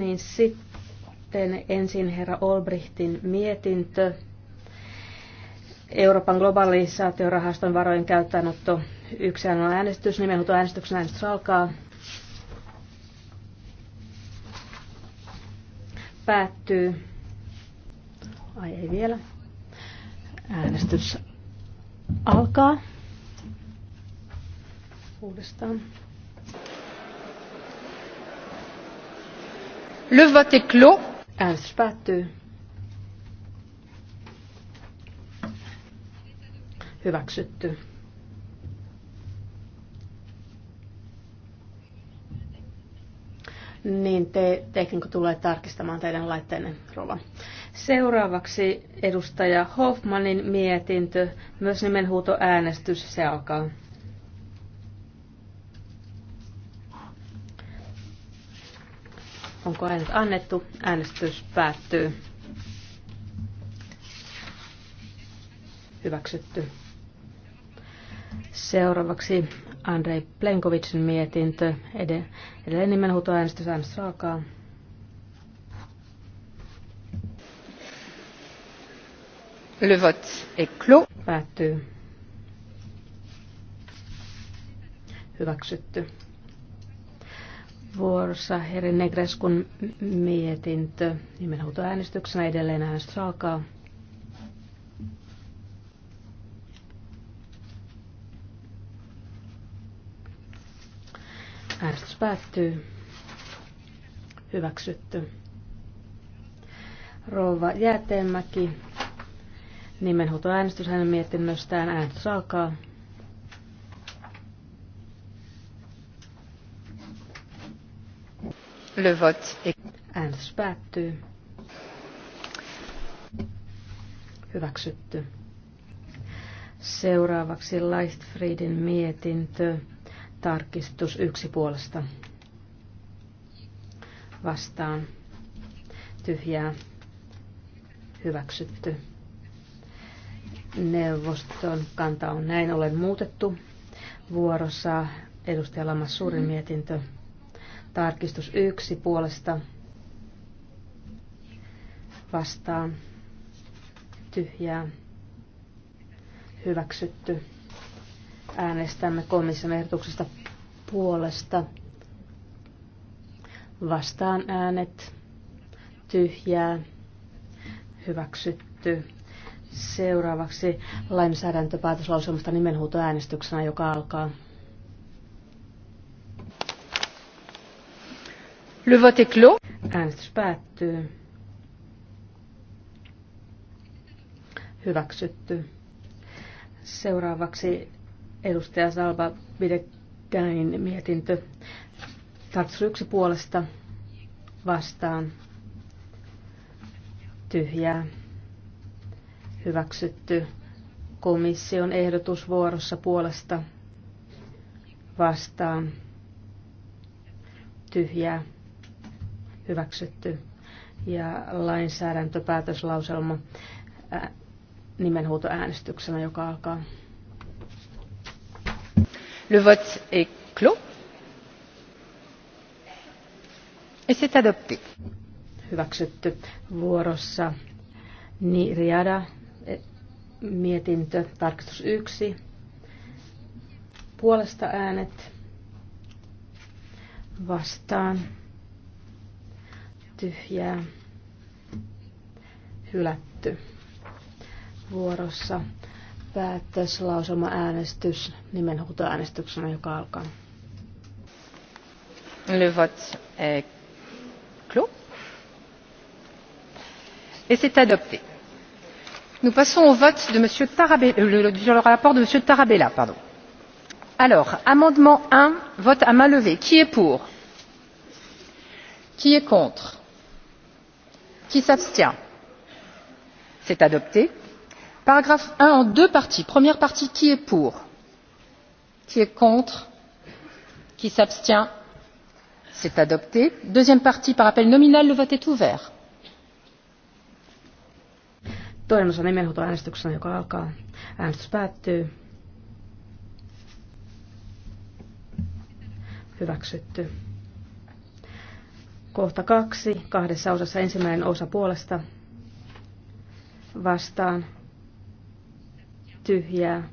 Niin sitten ensin herra Olbrichtin mietintö. Euroopan globalisaatiorahaston varojen käyttöönotto. Yksi on äänestys, nimenhuuto äänestyksen äänestys alkaa. Päättyy. Ai ei vielä. Äänestys alkaa. Uudestaan. Le vote est clos. Äänestys päättyy. Hyväksytty. Niin te, teknikko tulee tarkistamaan teidän laitteenne, Rova. Seuraavaksi edustaja Hoffmanin mietintö, myös äänestys, se alkaa. Onko äänet annettu? Äänestys päättyy. Hyväksytty. Seuraavaksi Andrei Plenkovicin mietintö. Edelleen nimenhuutoäänestys äänestys alkaa. Le vote est clos. Päättyy. Hyväksytty vuorossa Heri Negreskun mietintö nimenhuutoäänestyksenä. Edelleen äänestys alkaa. Äänestys päättyy. Hyväksytty. Rouva Jäätemäki. Nimenhuutoäänestys hänen mietinnöstään. Äänestys alkaa. Le vote. Äänestys päättyy. Hyväksytty. Seuraavaksi Lightfriedin mietintö. Tarkistus yksi puolesta. Vastaan. Tyhjää. Hyväksytty. Neuvoston kanta on näin ollen muutettu. Vuorossa edustaja Lamas suurin mietintö. Tarkistus yksi puolesta vastaan tyhjää hyväksytty. Äänestämme komission ehdotuksesta puolesta. Vastaan äänet tyhjää hyväksytty. Seuraavaksi lainsäädäntöpäätöslausumasta nimenhuutoäänestyksenä, joka alkaa Le vote est clos. päättyy. Hyväksytty. Seuraavaksi edustaja Salva Videkäin mietintö. Tartsu yksi puolesta vastaan. Tyhjää. Hyväksytty. Komission ehdotus vuorossa puolesta vastaan. Tyhjää hyväksytty. Ja lainsäädäntöpäätöslauselma nimenhuutoäänestyksenä, joka alkaa. Le vote est clos. Et c'est adopté. Hyväksytty. Vuorossa Niriada e, mietintö, tarkastus 1, puolesta äänet, vastaan tyhjää hylätty. Vuorossa päätöslausuma äänestys nimenhuutoäänestyksenä, joka alkaa. Le vote est clos. Et c'est adopté. Nous passons au vote de Monsieur Tarabella, euh, sur le rapport de Monsieur Tarabella. Pardon. Alors, amendement 1, vote à main levée. Qui est pour Qui est contre qui s'abstient? c'est adopté. paragraphe un en deux parties. première partie qui est pour? qui est contre? qui s'abstient? c'est adopté. deuxième partie par appel nominal le vote est ouvert. Toinen osa nimenhuutoäänestyksenä, joka alkaa. Äänestys päättyy. Hyväksytty. Kohta kaksi, kahdessa osassa ensimmäinen osa puolesta vastaan tyhjää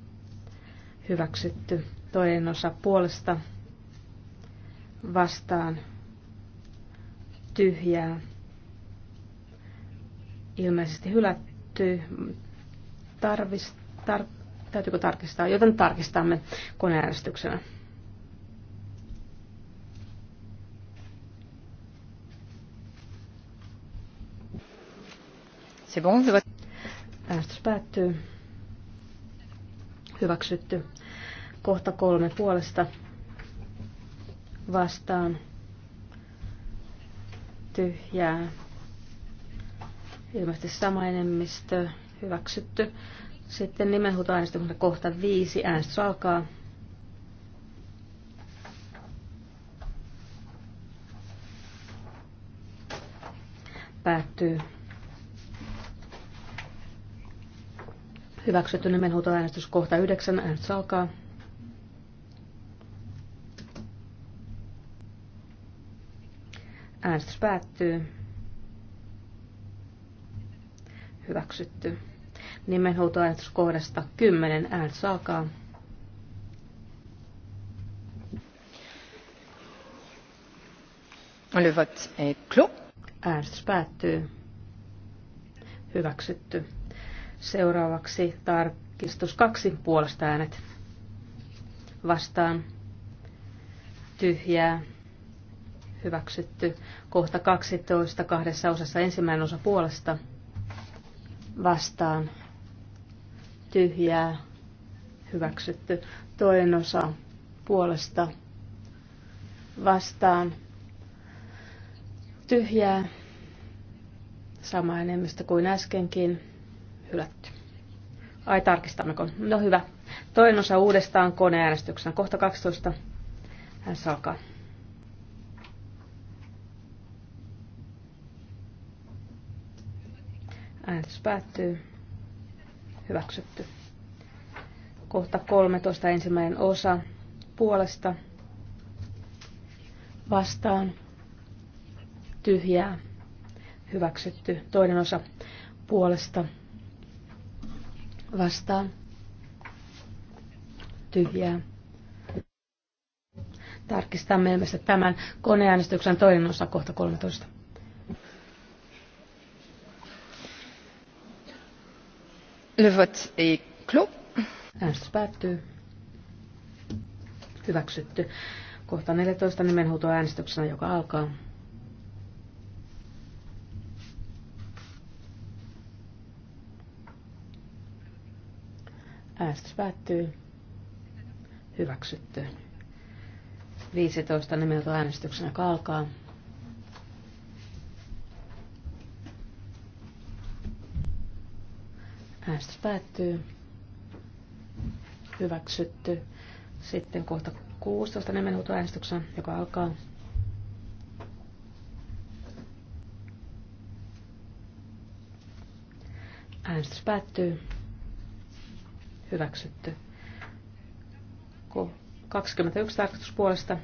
hyväksytty. Toinen osa puolesta vastaan tyhjää ilmeisesti hylätty. tarvista, tar, täytyykö tarkistaa? Joten tarkistamme koneäänestyksenä. Se bon, hyvä. Äänestys päättyy. Hyväksytty. Kohta kolme puolesta vastaan tyhjää. Ilmeisesti sama enemmistö hyväksytty. Sitten nimenhuutoäänestyksen kohta viisi. Äänestys alkaa. Päättyy. Hyväksytty nimenhuutoäänestys kohta 9. Äänestys alkaa. Äänestys päättyy. Hyväksytty. Nimenhuutoäänestys kohdasta 10. Äänestys alkaa. Le Äänestys päättyy. Hyväksytty. Seuraavaksi tarkistus kaksi puolesta äänet. Vastaan tyhjää hyväksytty. Kohta 12 kahdessa osassa ensimmäinen osa puolesta vastaan tyhjää hyväksytty. Toinen osa puolesta vastaan tyhjää sama enemmistö kuin äskenkin hylätty. Ai tarkistammeko? No hyvä. Toinen osa uudestaan koneäänestyksenä. Kohta 12. Hän alkaa. Äänestys päättyy. Hyväksytty. Kohta 13 ensimmäinen osa puolesta vastaan tyhjää hyväksytty. Toinen osa puolesta Vastaan. Tyhjää. Tarkistamme ilmeisesti tämän koneäänestyksen toinen osa kohta 13. Le vote est clos. Äänestys päättyy. Hyväksytty. Kohta 14 nimenhuutoäänestyksenä, joka alkaa. Äänestys päättyy. Hyväksytty. 15 nimeltä äänestyksenä kalkaa. Äänestys päättyy. Hyväksytty. Sitten kohta 16 äänestyksenä, joka alkaa. Äänestys päättyy hyväksytty. 21 tarkastuspuolesta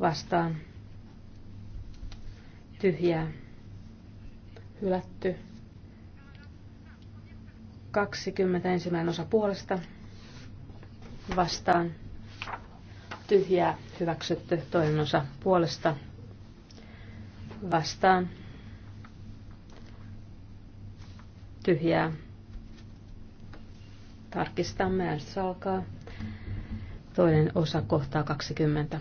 vastaan tyhjää hylätty. 21 osa puolesta vastaan tyhjää hyväksytty toinen osa puolesta vastaan tyhjää Tarkistamme, äänestys alkaa. Toinen osa kohtaa 20.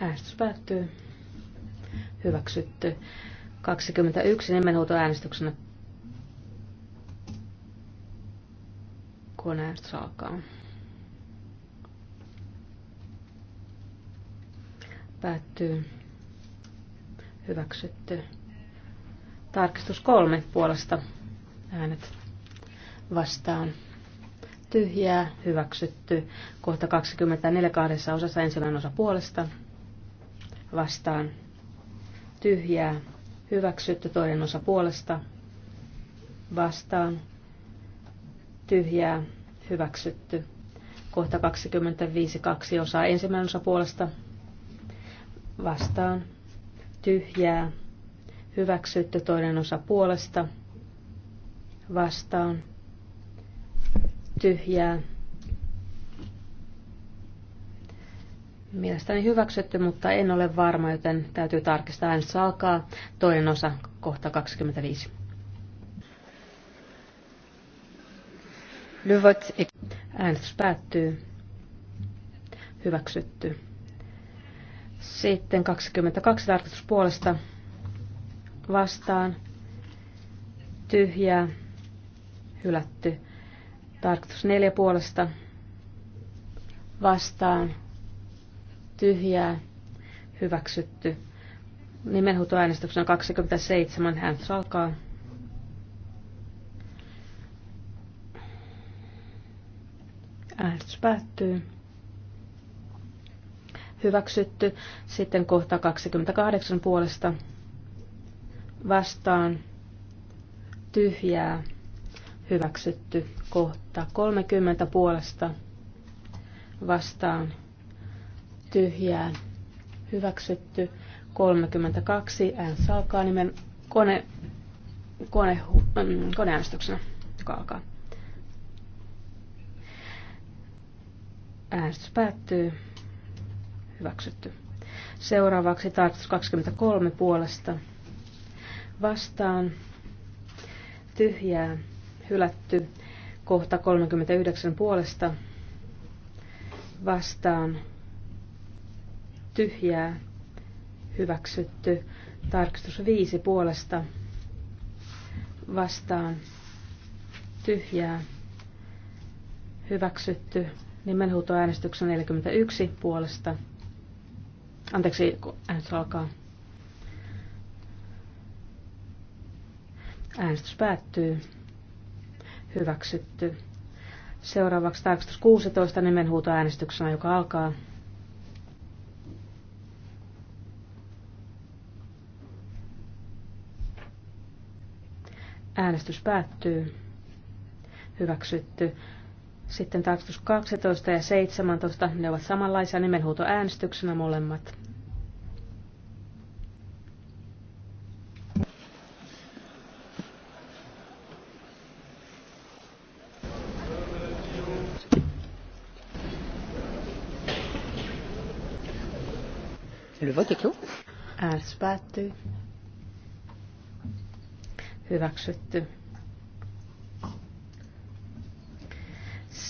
Äänestys päättyy. Hyväksytty. 21 nimenhuutoäänestyksenä. Kun äänestys alkaa. Päättyy hyväksytty. Tarkistus kolme puolesta äänet vastaan. Tyhjää, hyväksytty. Kohta 24 kahdessa osassa ensimmäinen osa puolesta vastaan. Tyhjää, hyväksytty toinen osa puolesta vastaan. Tyhjää, hyväksytty. Kohta 25 kaksi osaa ensimmäinen osa puolesta vastaan tyhjää, hyväksytty toinen osa puolesta, vastaan, tyhjää. Mielestäni hyväksytty, mutta en ole varma, joten täytyy tarkistaa. Äänestys alkaa toinen osa, kohta 25. Äänestys päättyy. Hyväksytty. Sitten 22 tarkistus puolesta vastaan. Tyhjää. Hylätty. Tarkistus 4 puolesta vastaan. Tyhjää. Hyväksytty. Nimenhuutoäänestyksen 27. Hän alkaa. Äänestys päättyy hyväksytty. Sitten kohta 28 puolesta vastaan tyhjää hyväksytty. Kohta 30 puolesta vastaan tyhjää hyväksytty. 32 äänestys alkaa nimen kone, kone, mm, koneäänestyksenä, joka alkaa. Äänestys päättyy. Hyväksytty. Seuraavaksi tarkistus 23 puolesta. Vastaan. Tyhjää. Hylätty. Kohta 39 puolesta. Vastaan. Tyhjää. Hyväksytty. Tarkistus 5 puolesta. Vastaan. Tyhjää. Hyväksytty. Nimenhuutoäänestyksen 41 puolesta Anteeksi, äänestys alkaa. Äänestys päättyy. Hyväksytty. Seuraavaksi tarkistus 16 nimenhuutoäänestyksenä, joka alkaa. Äänestys päättyy. Hyväksytty. Sitten tarkistus 12 ja 17, ne ovat samanlaisia nimenhuutoäänestyksenä molemmat. Le vote est clos. Äänestys päättyy. Hyväksytty.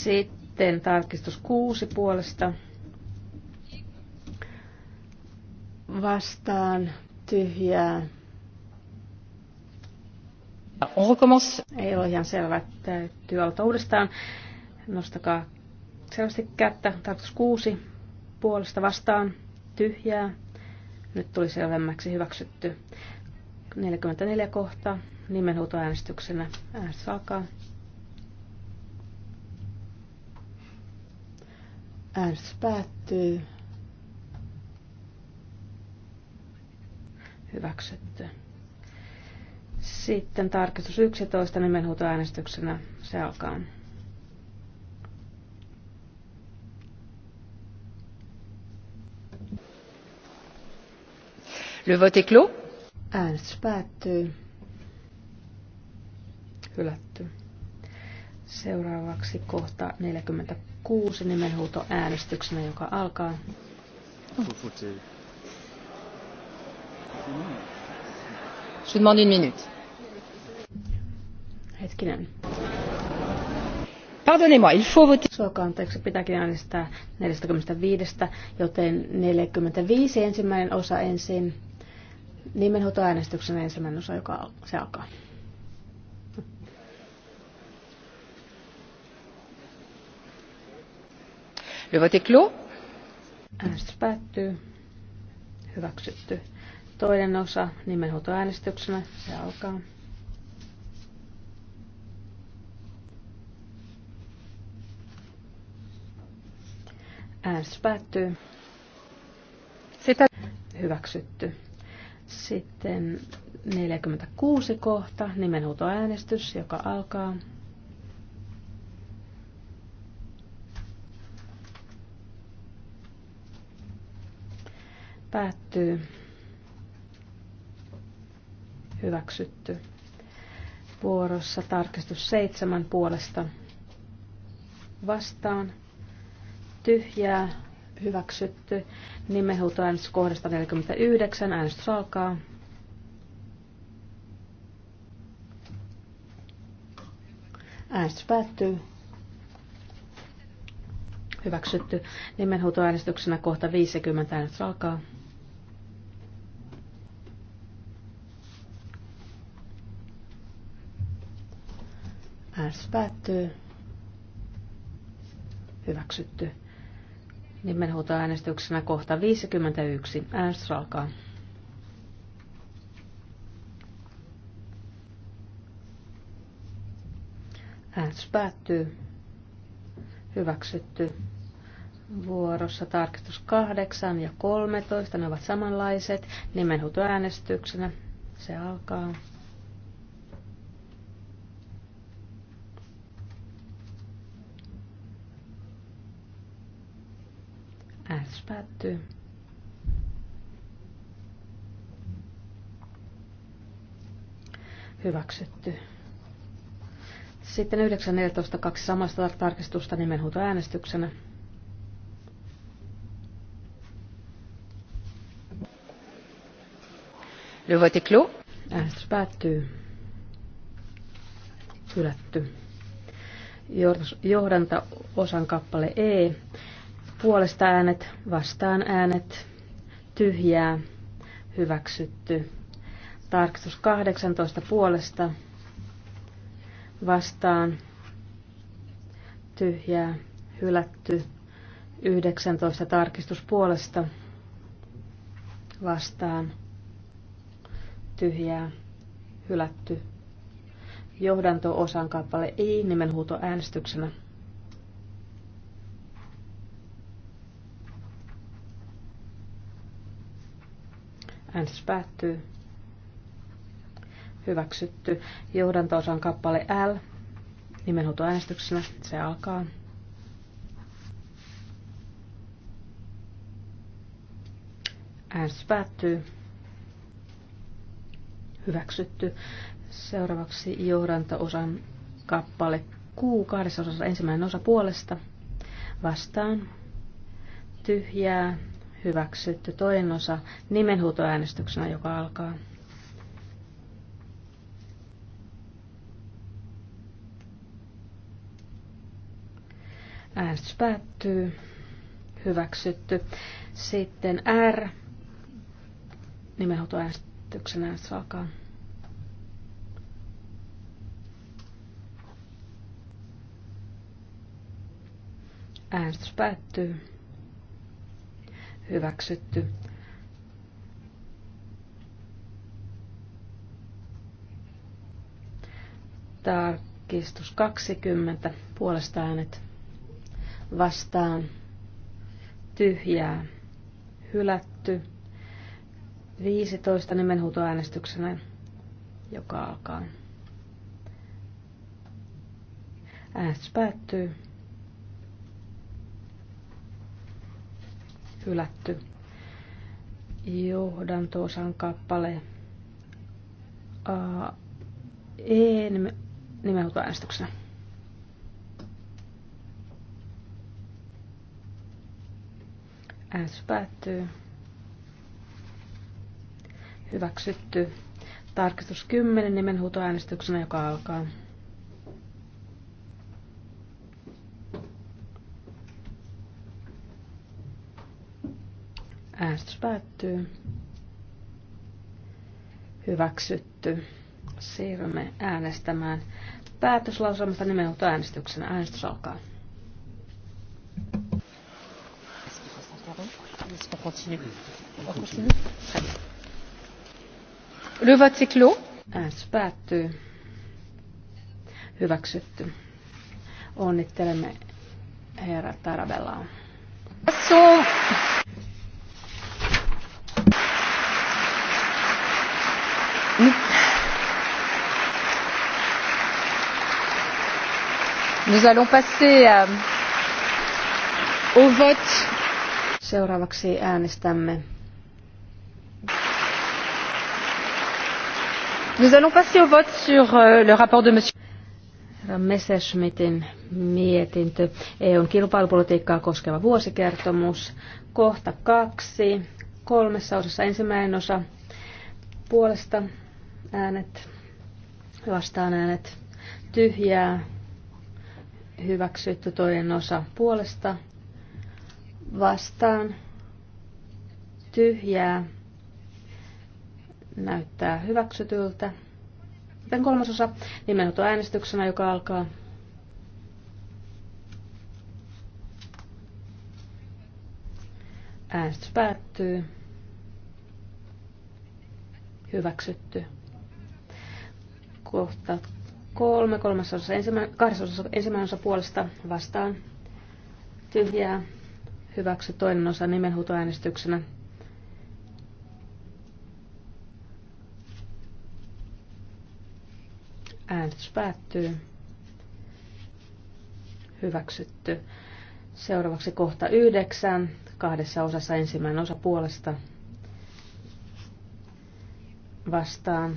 Sitten tarkistus kuusi puolesta. Vastaan tyhjää. Ei ole ihan selvä, täytyy aloittaa uudestaan. Nostakaa selvästi kättä. Tarkoitus kuusi puolesta vastaan tyhjää. Nyt tuli selvemmäksi hyväksytty. 44 kohta nimenhuutoäänestyksenä. Äänestys alkaa. Äänestys päättyy. Hyväksytty. Sitten tarkistus 11 nimenhuutoäänestyksenä. Se alkaa. Le vote est clos. Äänestys päättyy. Hylätty. Seuraavaksi kohta 40 kuusi nimenhuuto äänestyksenä, joka alkaa. Je demande une minute. Hetkinen. Pardonnez-moi, il faut voter. Suokaa anteeksi, pitääkin äänestää 45, joten 45 ensimmäinen osa ensin. Nimenhuuto Nimenhuutoäänestyksen ensimmäinen osa, joka se alkaa. Le vote est clos. Äänestys päättyy. Hyväksytty. Toinen osa nimenhuutoäänestyksenä. Se alkaa. Äänestys päättyy. Sitä hyväksytty. Sitten 46 kohta nimenhuutoäänestys, joka alkaa. Päättyy. Hyväksytty. Vuorossa tarkistus seitsemän puolesta. Vastaan. Tyhjää. Hyväksytty. äänestys kohdasta 49. Äänestys alkaa. Äänestys päättyy. Hyväksytty. Nimenhuutoäänestyksenä kohta 50. Äänestys alkaa. Äänestys päättyy. Hyväksytty. Nimenhuuto niin äänestyksenä kohta 51. Äänestys alkaa. Äänestys päättyy. Hyväksytty. Vuorossa tarkistus 8 ja 13, ne ovat samanlaiset. äänestyksenä. se alkaa. Äänestys päättyy. Hyväksytty. Sitten 9.14. kaksi samasta tarkistusta nimenhuutoäänestyksenä. Le vote Äänestys päättyy. Hylätty. Johdanta osan kappale E. Puolesta äänet, vastaan äänet, tyhjää, hyväksytty. Tarkistus 18 puolesta, vastaan, tyhjää, hylätty. 19 tarkistus puolesta, vastaan, tyhjää, hylätty. Johdanto-osan kappale I nimenhuuto äänestyksenä. Äänestys päättyy. Hyväksytty. on kappale L. äänestyksellä. se alkaa. Äänestys päättyy. Hyväksytty. Seuraavaksi johdanto-osan kappale Q, kahdessa osassa ensimmäinen osa puolesta. Vastaan. Tyhjää hyväksytty. Toinen osa nimenhuutoäänestyksenä, joka alkaa. Äänestys päättyy. Hyväksytty. Sitten R. Nimenhuutoäänestyksen äänestys alkaa. Äänestys päättyy hyväksytty. Tarkistus 20, puolesta äänet vastaan, tyhjää, hylätty. 15 nimenhuutoäänestyksenä, joka alkaa. Äänestys päättyy. hylätty. Johdantoosan kappale uh, E nimenhuutoäänestyksenä. Äänestys päättyy. Hyväksytty. Tarkistus 10 nimenhuutoäänestyksenä, joka alkaa. päättyy. Hyväksytty. Siirrymme äänestämään päätöslauselmasta nimenomaan äänestyksenä. Äänestys alkaa. Äänestys päättyy. Hyväksytty. Onnittelemme herra Tarabellaa. So. Nous allons passer euh, au vote. Seuraavaksi äänestämme. Nous allons passer au vote sur euh, le rapport de monsieur Messerschmittin mietintö, EUn kilpailupolitiikkaa koskeva vuosikertomus, kohta kaksi, kolmessa osassa ensimmäinen osa, puolesta äänet, vastaan äänet, tyhjää, hyväksytty toinen osa puolesta vastaan tyhjää näyttää hyväksytyltä. Joten kolmasosa nimenhoito äänestyksenä, joka alkaa. Äänestys päättyy. Hyväksytty. Kohta Kolme kolmasosa, ensimmäinen kahdesosa, ensimmäinen osa puolesta vastaan. Tyhjää. Hyväksy toinen osa nimenhuutoäänestyksenä. Äänestys päättyy. Hyväksytty. Seuraavaksi kohta yhdeksän. Kahdessa osassa ensimmäinen osa puolesta vastaan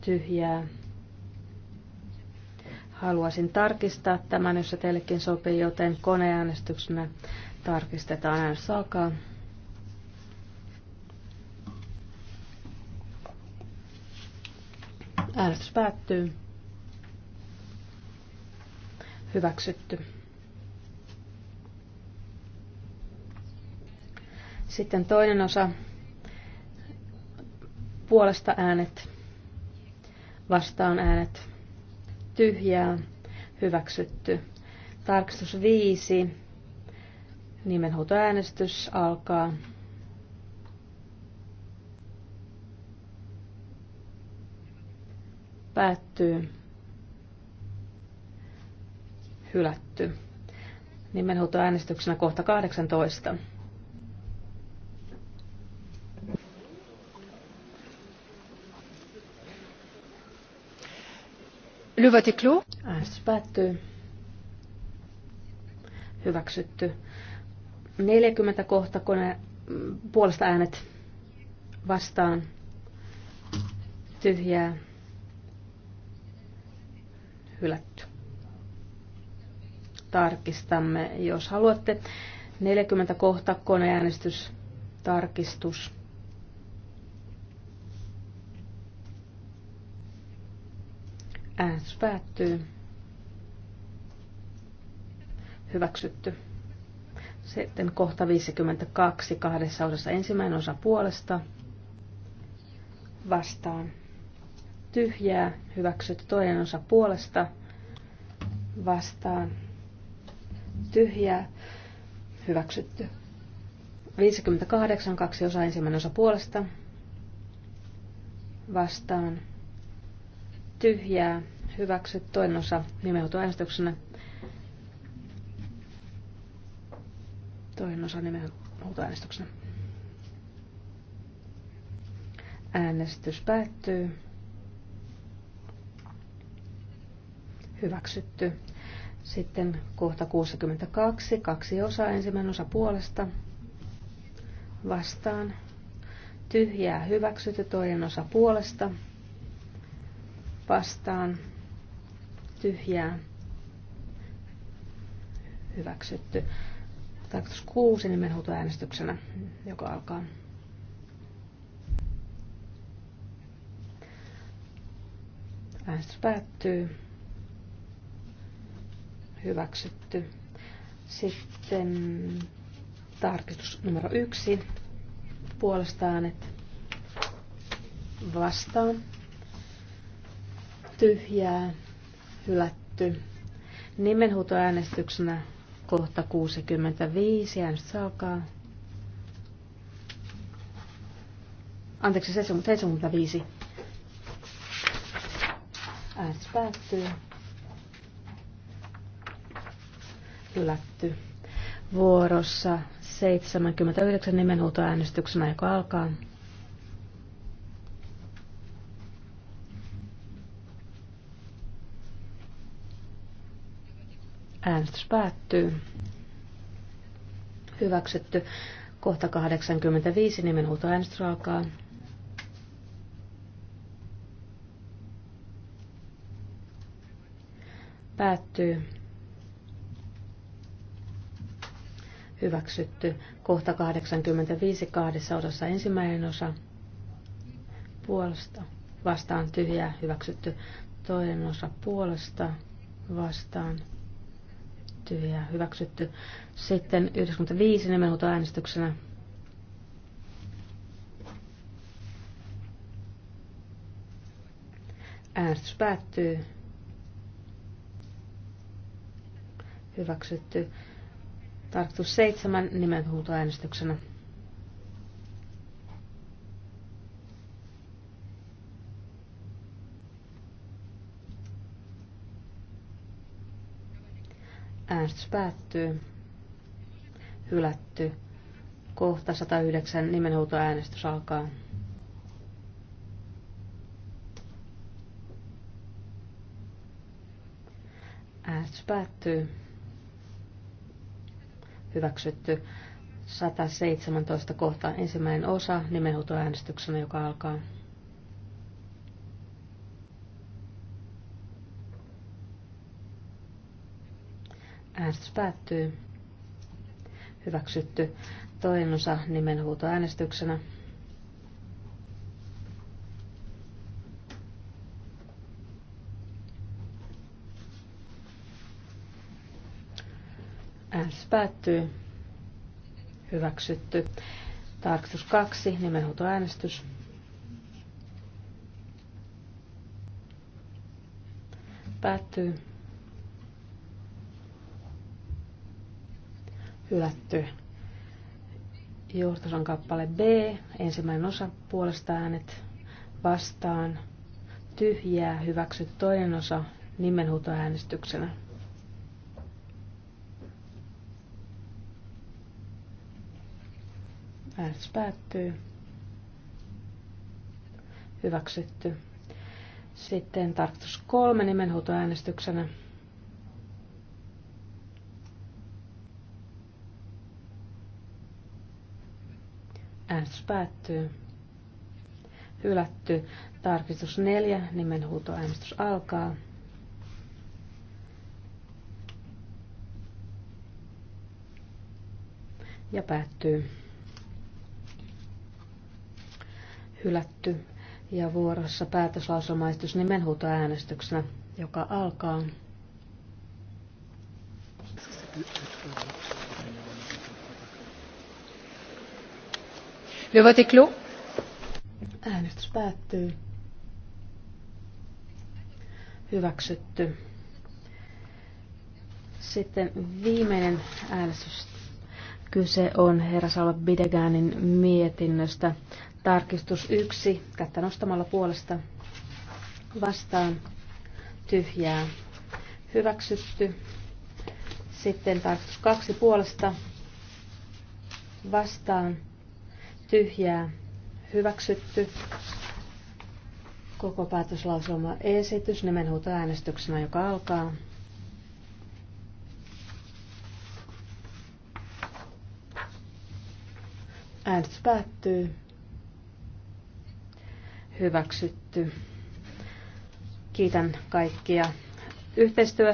tyhjää Haluaisin tarkistaa tämän, jos se teillekin sopii, joten koneäänestyksenä tarkistetaan äänestys alkaa. Äänestys päättyy. Hyväksytty. Sitten toinen osa puolesta äänet, vastaan äänet, tyhjää, hyväksytty. Tarkistus 5, nimenhuutoäänestys alkaa. Päättyy. Hylätty. Nimenhuutoäänestyksenä kohta 18. Le vote est clos. Äänestys Hyväksytty. 40 kohta kone puolesta äänet vastaan. Tyhjää. Hylätty. Tarkistamme, jos haluatte. 40 kohta koneäänestys tarkistus. Äänestys päättyy. Hyväksytty. Sitten kohta 52 kahdessa osassa ensimmäinen osa puolesta. Vastaan. Tyhjää. Hyväksytty toinen osa puolesta. Vastaan. Tyhjää. Hyväksytty. 58 kaksi osa ensimmäinen osa puolesta. Vastaan tyhjää, hyväksyt toinen osa äänestyksenä. Toinen osa äänestyksenä. Äänestys päättyy. Hyväksytty. Sitten kohta 62, kaksi osaa, ensimmäinen osa puolesta, vastaan, tyhjää hyväksytty, toinen osa puolesta, vastaan tyhjää hyväksytty. Tarkoitus 6 nimenhuutoäänestyksenä, joka alkaa. Äänestys päättyy. Hyväksytty. Sitten tarkistus numero yksi. Puolesta äänet vastaan tyhjää, hylätty. Nimenhuutoäänestyksenä kohta 65, äänestys alkaa. Anteeksi, 75. Äänestys päättyy. Hylätty. Vuorossa 79 nimenhuutoäänestyksenä, joka alkaa. Äänestys päättyy. Hyväksytty. Kohta 85 nimenhuuto äänestys alkaa. Päättyy. Hyväksytty. Kohta 85 kahdessa osassa ensimmäinen osa. Puolesta. Vastaan tyhjää. Hyväksytty. Toinen osa puolesta. Vastaan hyväksytty ja hyväksytty. Sitten 95 nimenhuuto äänestyksenä. Äänestys päättyy. Hyväksytty. Tarkoitus 7 nimenhuuto äänestyksenä. Äänestys päättyy. Hylätty. Kohta 109 nimenhuutoäänestys alkaa. Äänestys päättyy. Hyväksytty. 117 kohta ensimmäinen osa nimenhuutoäänestyksenä, joka alkaa. Äänestys päättyy. Hyväksytty. Toinen osa nimenhuutoäänestyksenä. Äänestys päättyy. Hyväksytty. Tarkistus 2, nimenhuutoäänestys. Päättyy. hylätty. Johtosan kappale B, ensimmäinen osa puolesta äänet vastaan, tyhjää hyväksytty toinen osa nimenhuutoäänestyksenä. Äänestys päättyy. Hyväksytty. Sitten tarkoitus kolme nimenhuutoäänestyksenä. äänestyksenä. Äänestys päättyy. Hylätty. Tarkistus 4. Nimenhuutoäänestys alkaa. Ja päättyy. Hylätty. Ja vuorossa päätöslauselmaistus nimenhuutoäänestyksenä, joka alkaa. Thank you. Le vote est clos. Äänestys päättyy. Hyväksytty. Sitten viimeinen äänestys. Kyse on herra Salva Bideganin mietinnöstä. Tarkistus yksi. Kättä nostamalla puolesta vastaan tyhjää. Hyväksytty. Sitten tarkistus kaksi puolesta vastaan tyhjää hyväksytty. Koko päätöslauselma esitys nimenhuutoäänestyksenä, joka alkaa. Äänestys päättyy. Hyväksytty. Kiitän kaikkia yhteistyöstä.